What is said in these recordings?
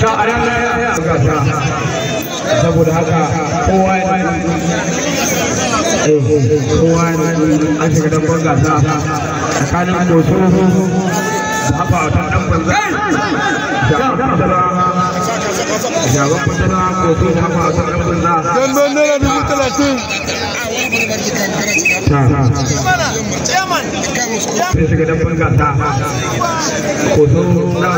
ta a ranar ya buga ta saboda haka kowa ya nan kowa ya nan an shiga dabbar gasa tsakanin mafatan dan banzai shagon fatara shagon fatara kofi da mafatan banza don don naira dubu talatin sai shiga dan ta da mafatan da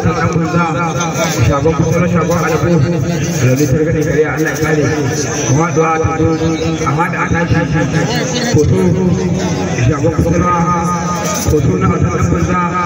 da ta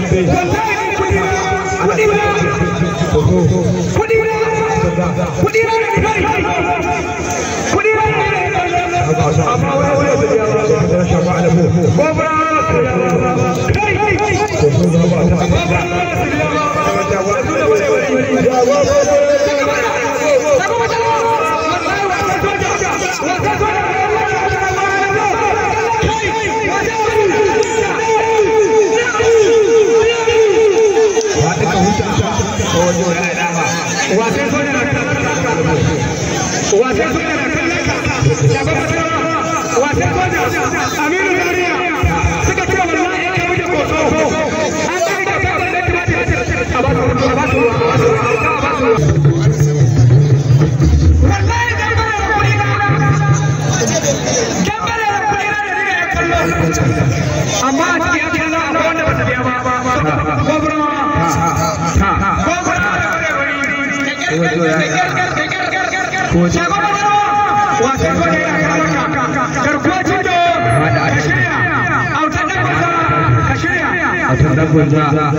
dambe Hey! wasan soja na na suka ce wallahi ya gwanja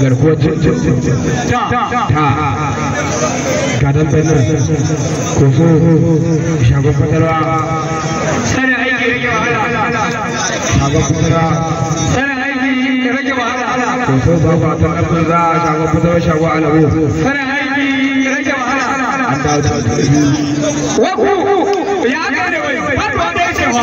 garkuwar jirgin ta gadon benin kogo shagon fatarwa sana aiki rage wahala shagon fatarwa sana aiki rage wahala kogo ba ba ta ɗan za shagon fatarwa shagon alawo sana aiki rage wahala an dawo da waku ya gane wai ba ta ɗaya cewa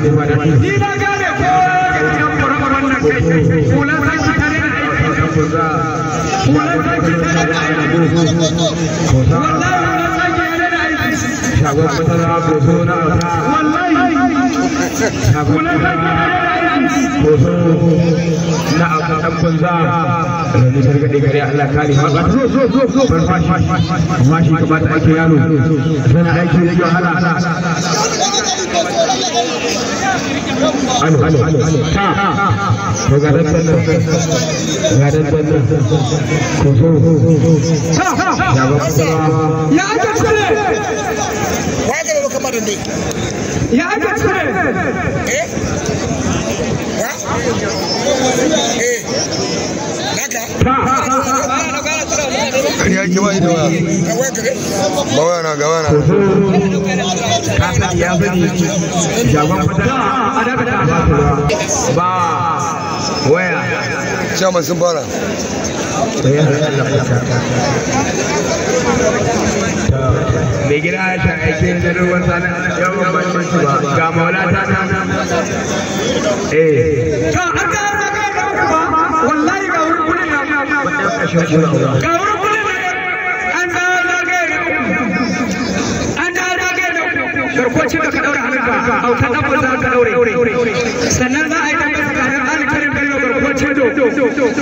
ni na gane kowa daga cikin kurabar wannan kai kula san shi tare da aiki kula san shi tare anu anu anu anu ta garan banda garan banda kuso ya aka tsare waje da kamar ne ya aka eh ya? eh naka ta ke ba ido ba waya na na ba waya chairman sun fara ta aikin da ruwan ba ga maula ta eh ga ga garkuwar ce ka daura hannunka au ka dabba za ka daure sannan za a yi dabba tsakanin alkarin bello garkuwar ce do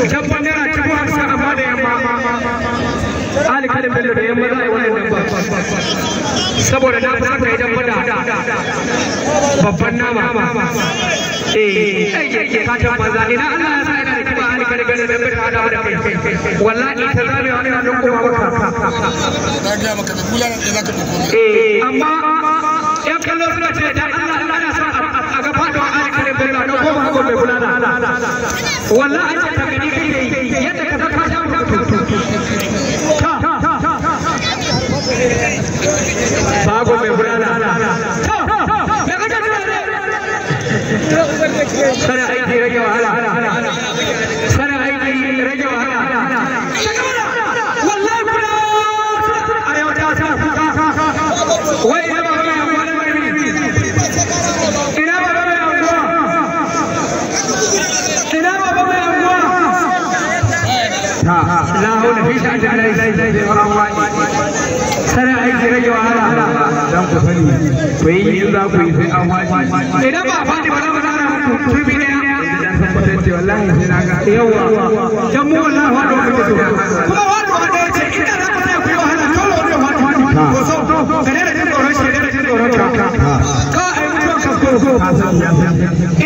dabban naira dubu hamsin amma da yamma alkarin bello da yamma za a yi wannan dabba saboda na fita yi dabba da babban nama eh, eh ka tabbata ina Allah ya sa ina da kiba alkarin bello da yamma da da kai ta zame wani hannun kuma maka na ga maka yan kallo suna ce dan Allah a ga faɗo a kare bulla don ko kula da ku da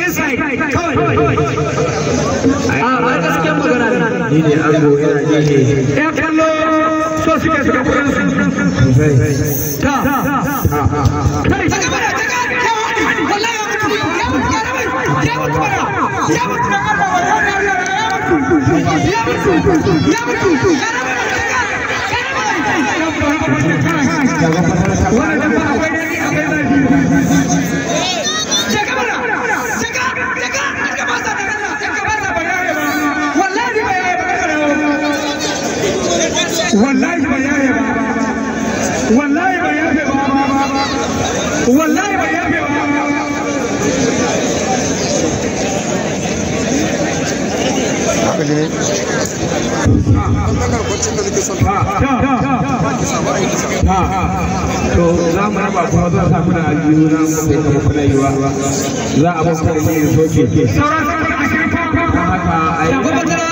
inside a ah, ba wallahi ba yaye ba wallahi ba yafe ba ba ba za mu raba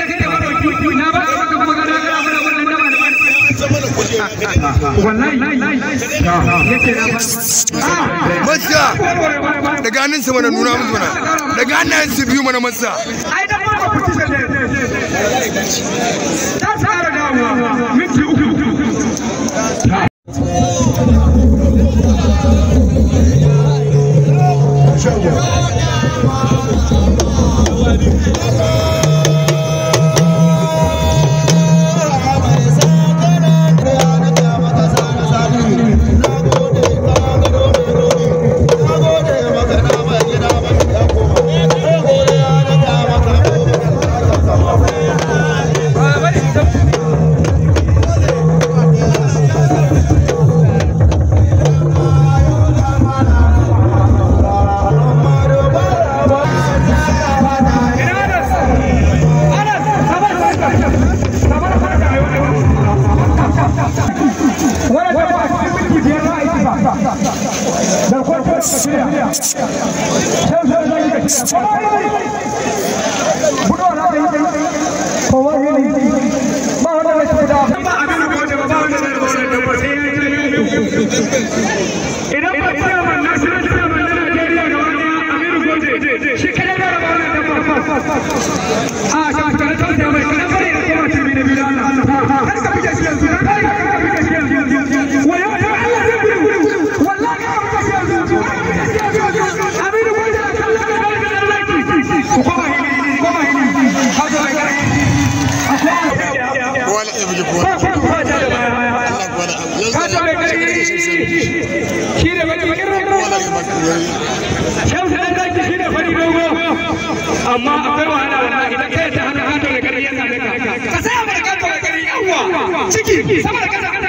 biyu na ba ka kuma daga abin wannan da da ganin nuna musu mana da ganin su biyu mana masa. Ai da ba ku ci da ta minti uku. amma akwai wahala wallahi da kai ta hana hato da gari yana da ka ka sai amurka to da gari yawa ciki sama da kasa